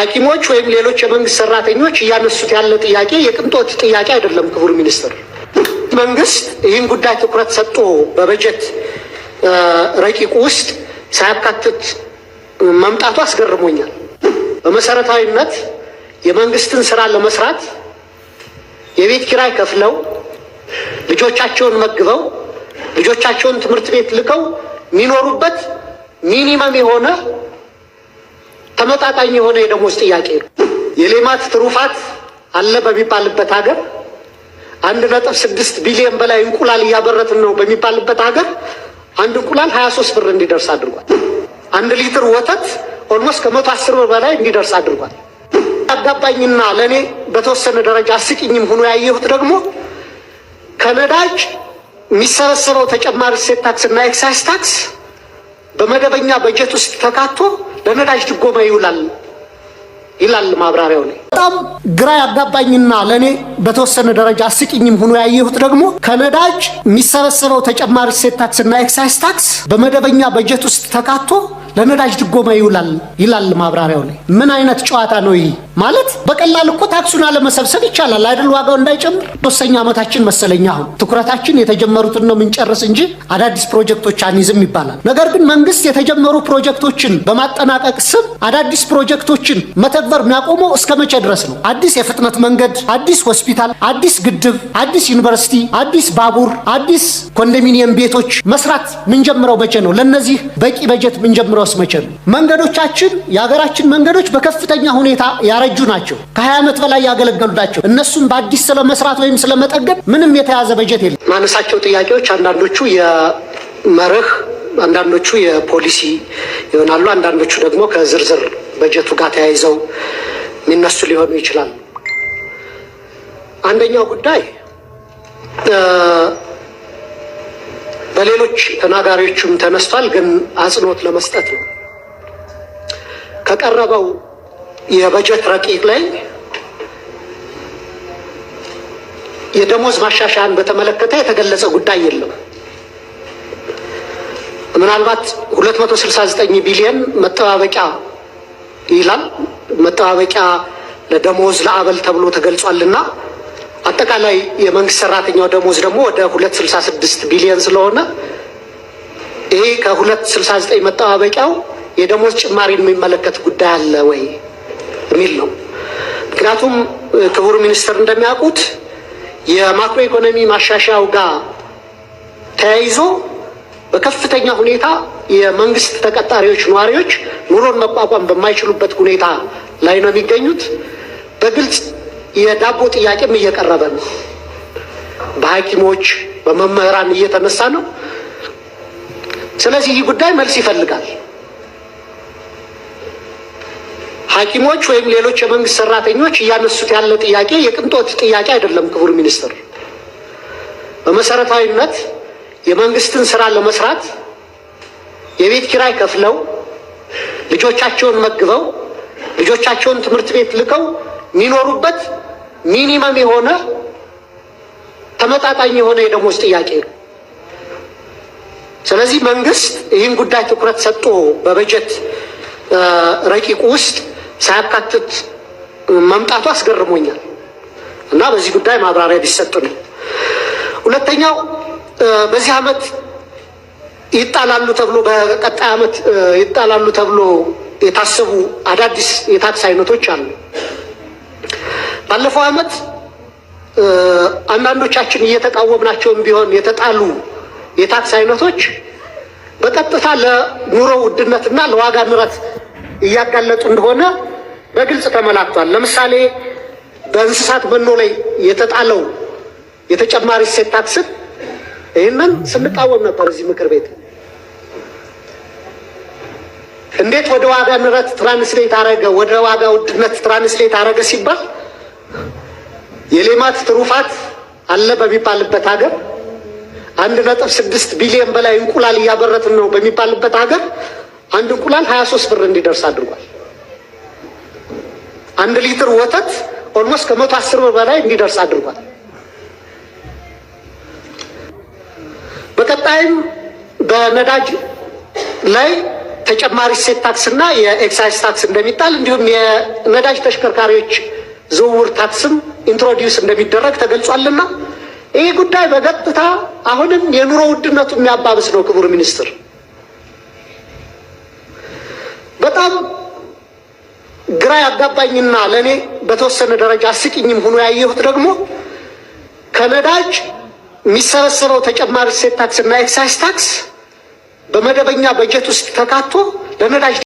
ሐኪሞች ወይም ሌሎች የመንግስት ሰራተኞች እያነሱት ያለ ጥያቄ የቅንጦት ጥያቄ አይደለም። ክቡር ሚኒስትር፣ መንግስት ይህን ጉዳይ ትኩረት ሰጥቶ በበጀት ረቂቁ ውስጥ ሳያካትት መምጣቱ አስገርሞኛል። በመሰረታዊነት የመንግስትን ስራ ለመስራት የቤት ኪራይ ከፍለው ልጆቻቸውን መግበው ልጆቻቸውን ትምህርት ቤት ልከው የሚኖሩበት ሚኒመም የሆነ ተመጣጣኝ የሆነ የደሞዝ ጥያቄ ነው። የሌማት ትሩፋት አለ በሚባልበት ሀገር አንድ ነጥብ ስድስት ቢሊዮን በላይ እንቁላል እያበረትን ነው በሚባልበት ሀገር አንድ እንቁላል ሀያ ሶስት ብር እንዲደርስ አድርጓል። አንድ ሊትር ወተት ኦልሞስት ከመቶ አስር ብር በላይ እንዲደርስ አድርጓል። አጋባኝና ለእኔ በተወሰነ ደረጃ አስቂኝም ሆኖ ያየሁት ደግሞ ከነዳጅ የሚሰበሰበው ተጨማሪ እሴት ታክስ እና ኤክሳይዝ ታክስ በመደበኛ በጀት ውስጥ ተካቶ በነዳጅ ድጎማ ይውላል። ይላል ማብራሪያው ላይ። በጣም ግራ ያጋባኝና ለእኔ በተወሰነ ደረጃ አስቂኝም ሆኖ ያየሁት ደግሞ ከነዳጅ የሚሰበሰበው ተጨማሪ እሴት ታክስና ኤክሳይዝ ታክስ በመደበኛ በጀት ውስጥ ተካቶ ለነዳጅ ድጎማ ይውላል ይላል ማብራሪያው ላይ። ምን አይነት ጨዋታ ነው ይህ? ማለት በቀላል እኮ ታክሱን አለመሰብሰብ ይቻላል አይደል? ዋጋው እንዳይጨምር ሶስተኛ ዓመታችን መሰለኝ አሁን ትኩረታችን የተጀመሩትን ነው የምንጨርስ እንጂ አዳዲስ ፕሮጀክቶች አንይዝም ይባላል። ነገር ግን መንግስት የተጀመሩ ፕሮጀክቶችን በማጠናቀቅ ስም አዳዲስ ፕሮጀክቶችን መተግ መቀበር የሚያቆመው እስከ መቼ ድረስ ነው? አዲስ የፍጥነት መንገድ፣ አዲስ ሆስፒታል፣ አዲስ ግድብ፣ አዲስ ዩኒቨርሲቲ፣ አዲስ ባቡር፣ አዲስ ኮንዶሚኒየም ቤቶች መስራት ምንጀምረው መቼ ነው? ለነዚህ በቂ በጀት ምንጀምረውስ መቼ ነው? መንገዶቻችን የሀገራችን መንገዶች በከፍተኛ ሁኔታ ያረጁ ናቸው። ከ20 ዓመት በላይ ያገለገሉ ናቸው። እነሱም በአዲስ ስለ መስራት ወይም ስለ መጠገን ምንም የተያዘ በጀት የለም። ማነሳቸው ጥያቄዎች አንዳንዶቹ የመርህ አንዳንዶቹ የፖሊሲ ይሆናሉ። አንዳንዶቹ ደግሞ ከዝርዝር በጀቱ ጋር ተያይዘው የሚነሱ ሊሆኑ ይችላሉ። አንደኛው ጉዳይ በሌሎች ተናጋሪዎችም ተነስቷል፣ ግን አጽንኦት ለመስጠት ነው። ከቀረበው የበጀት ረቂቅ ላይ የደሞዝ ማሻሻያን በተመለከተ የተገለጸ ጉዳይ የለም። ምናልባት 269 ቢሊዮን መጠባበቂያ ይላል። መጠባበቂያ ለደሞዝ ለአበል ተብሎ ተገልጿልና አጠቃላይ የመንግስት ሰራተኛው ደሞዝ ደግሞ ወደ 266 ቢሊዮን ስለሆነ ይሄ ከ269 መጠባበቂያው የደሞዝ ጭማሪን የሚመለከት ጉዳይ አለ ወይ የሚል ነው። ምክንያቱም ክቡር ሚኒስትር እንደሚያውቁት የማክሮ ኢኮኖሚ ማሻሻያው ጋር ተያይዞ በከፍተኛ ሁኔታ የመንግስት ተቀጣሪዎች ነዋሪዎች ኑሮን መቋቋም በማይችሉበት ሁኔታ ላይ ነው የሚገኙት። በግልጽ የዳቦ ጥያቄም እየቀረበ ነው። በሐኪሞች በመምህራን እየተነሳ ነው። ስለዚህ ይህ ጉዳይ መልስ ይፈልጋል። ሐኪሞች ወይም ሌሎች የመንግስት ሰራተኞች እያነሱት ያለ ጥያቄ የቅንጦት ጥያቄ አይደለም። ክቡር ሚኒስትር በመሰረታዊነት የመንግስትን ስራ ለመስራት የቤት ኪራይ ከፍለው ልጆቻቸውን መግበው ልጆቻቸውን ትምህርት ቤት ልከው የሚኖሩበት ሚኒመም የሆነ ተመጣጣኝ የሆነ የደሞዝ ጥያቄ ነው። ስለዚህ መንግስት ይህን ጉዳይ ትኩረት ሰጥቶ በበጀት ረቂቁ ውስጥ ሳያካትት መምጣቱ አስገርሞኛል እና በዚህ ጉዳይ ማብራሪያ ቢሰጥ ነው። ሁለተኛው በዚህ ዓመት ይጣላሉ ተብሎ በቀጣይ ዓመት ይጣላሉ ተብሎ የታሰቡ አዳዲስ የታክስ አይነቶች አሉ። ባለፈው ዓመት አንዳንዶቻችን እየተቃወምናቸውም ቢሆን የተጣሉ የታክስ አይነቶች በቀጥታ ለኑሮ ውድነትና ለዋጋ ንረት እያጋለጡ እንደሆነ በግልጽ ተመላክቷል። ለምሳሌ በእንስሳት መኖ ላይ የተጣለው የተጨማሪ እሴት ታክስን ይህንን ስንቃወም ነበር እዚህ ምክር ቤት። እንዴት ወደ ዋጋ ንረት ትራንስሌት አረገ፣ ወደ ዋጋ ውድነት ትራንስሌት አረገ ሲባል የሌማት ትሩፋት አለ በሚባልበት ሀገር አንድ ነጥብ ስድስት ቢሊዮን በላይ እንቁላል እያበረትን ነው በሚባልበት ሀገር አንድ እንቁላል ሀያ ሶስት ብር እንዲደርስ አድርጓል። አንድ ሊትር ወተት ኦልሞስት ከመቶ አስር ብር በላይ እንዲደርስ አድርጓል። በቀጣይም በነዳጅ ላይ ተጨማሪ እሴት ታክስና የኤክሳይዝ ታክስ እንደሚጣል እንዲሁም የነዳጅ ተሽከርካሪዎች ዝውውር ታክስም ኢንትሮዲውስ እንደሚደረግ ተገልጿልና ይህ ጉዳይ በቀጥታ አሁንም የኑሮ ውድነቱ የሚያባብስ ነው። ክቡር ሚኒስትር በጣም ግራ ያጋባኝና ለእኔ በተወሰነ ደረጃ አስቂኝም ሆኖ ያየሁት ደግሞ ከነዳጅ የሚሰበሰበው ተጨማሪ እሴት ታክስ እና ኤክሳይዝ ታክስ በመደበኛ በጀት ውስጥ ተካቶ ለነዳጅ